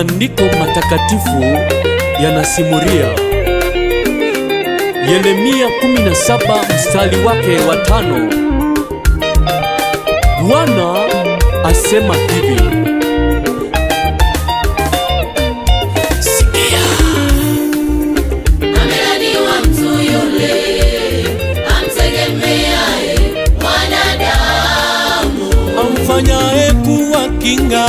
Maandiko matakatifu yanasimulia. Yeremia 17 mstari wake wa tano, Bwana asema hivi: Sikia, kuwa kinga, amfanyaye kuwa kinga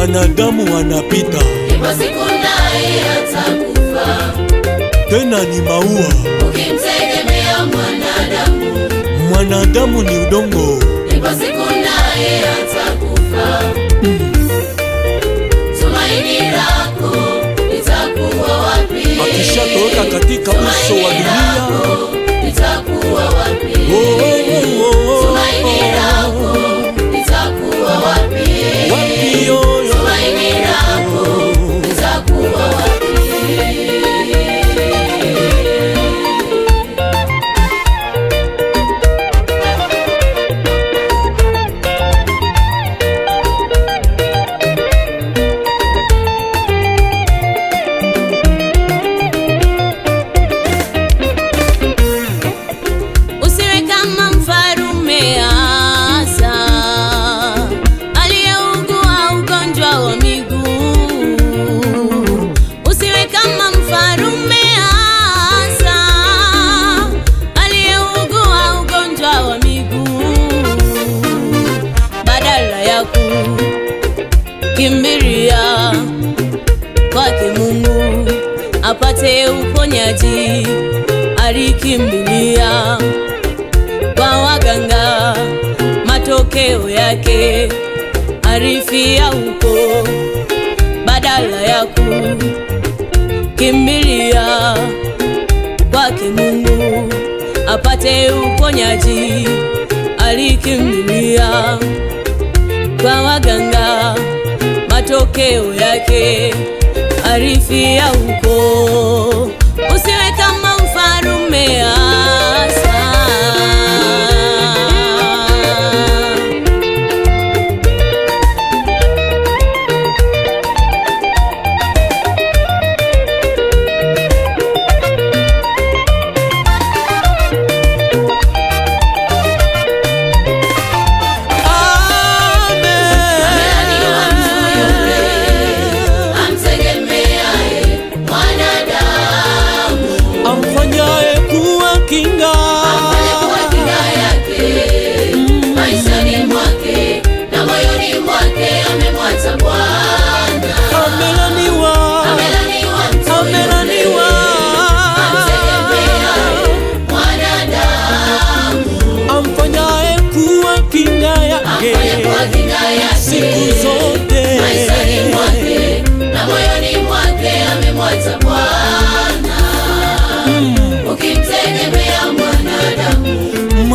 wanadamu wanapita, ipo siku naye atakufa. Tena ni maua ukimtegemea mwanadamu, mwanadamu ni udongo, ipo siku naye atakufa. Tumaini lako litakuwa wapi? Akishatoroka katika uso wa dunia litakuwa wapi? oh, oh, oh. kimbilia kwake Mungu apate uponyaji, alikimbilia kwa waganga, matokeo yake alifia huko, badala ya kukimbilia kwake Mungu apate uponyaji, alikimbilia kwa waganga matokeo yake, arifi ya ukoo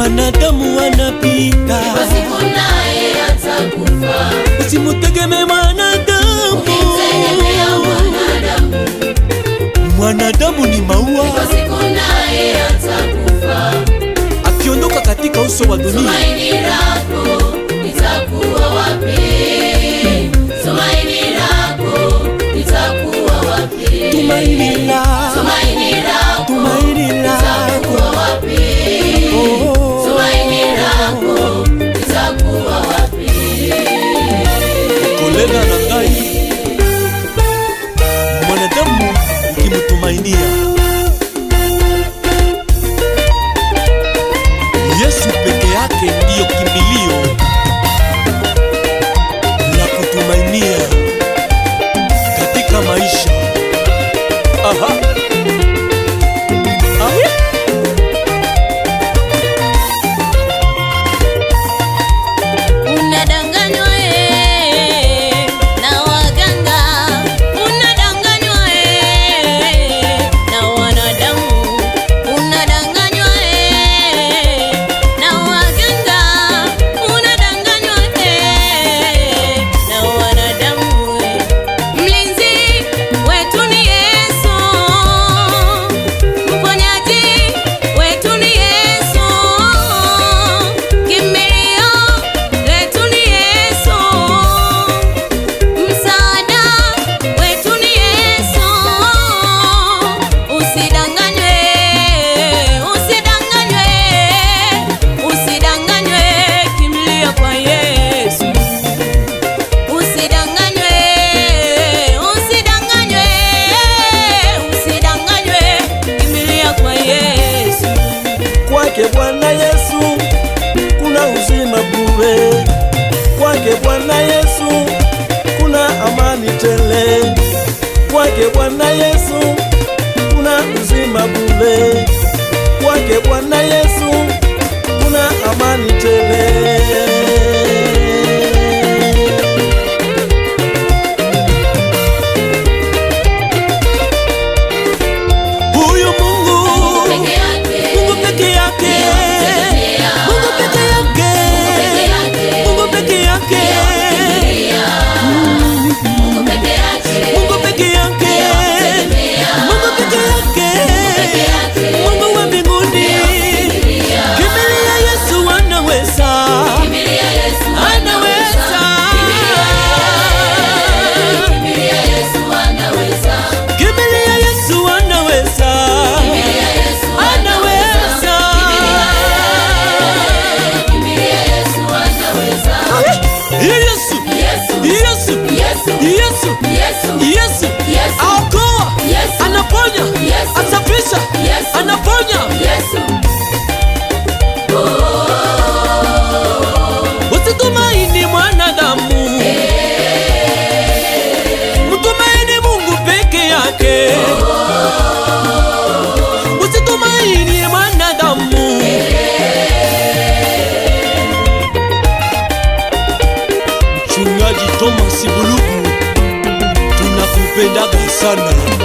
wanadamu wanapita, pasipo mwanadamu, mwanadamu, ni maua, Akiondoka katika uso wa dunia, Tumaini lako litakuwa wapi? tumaini Bwana Yesu kuna uzima bule, kwake Bwana Yesu kuna amani tele. tu n'as coupé sana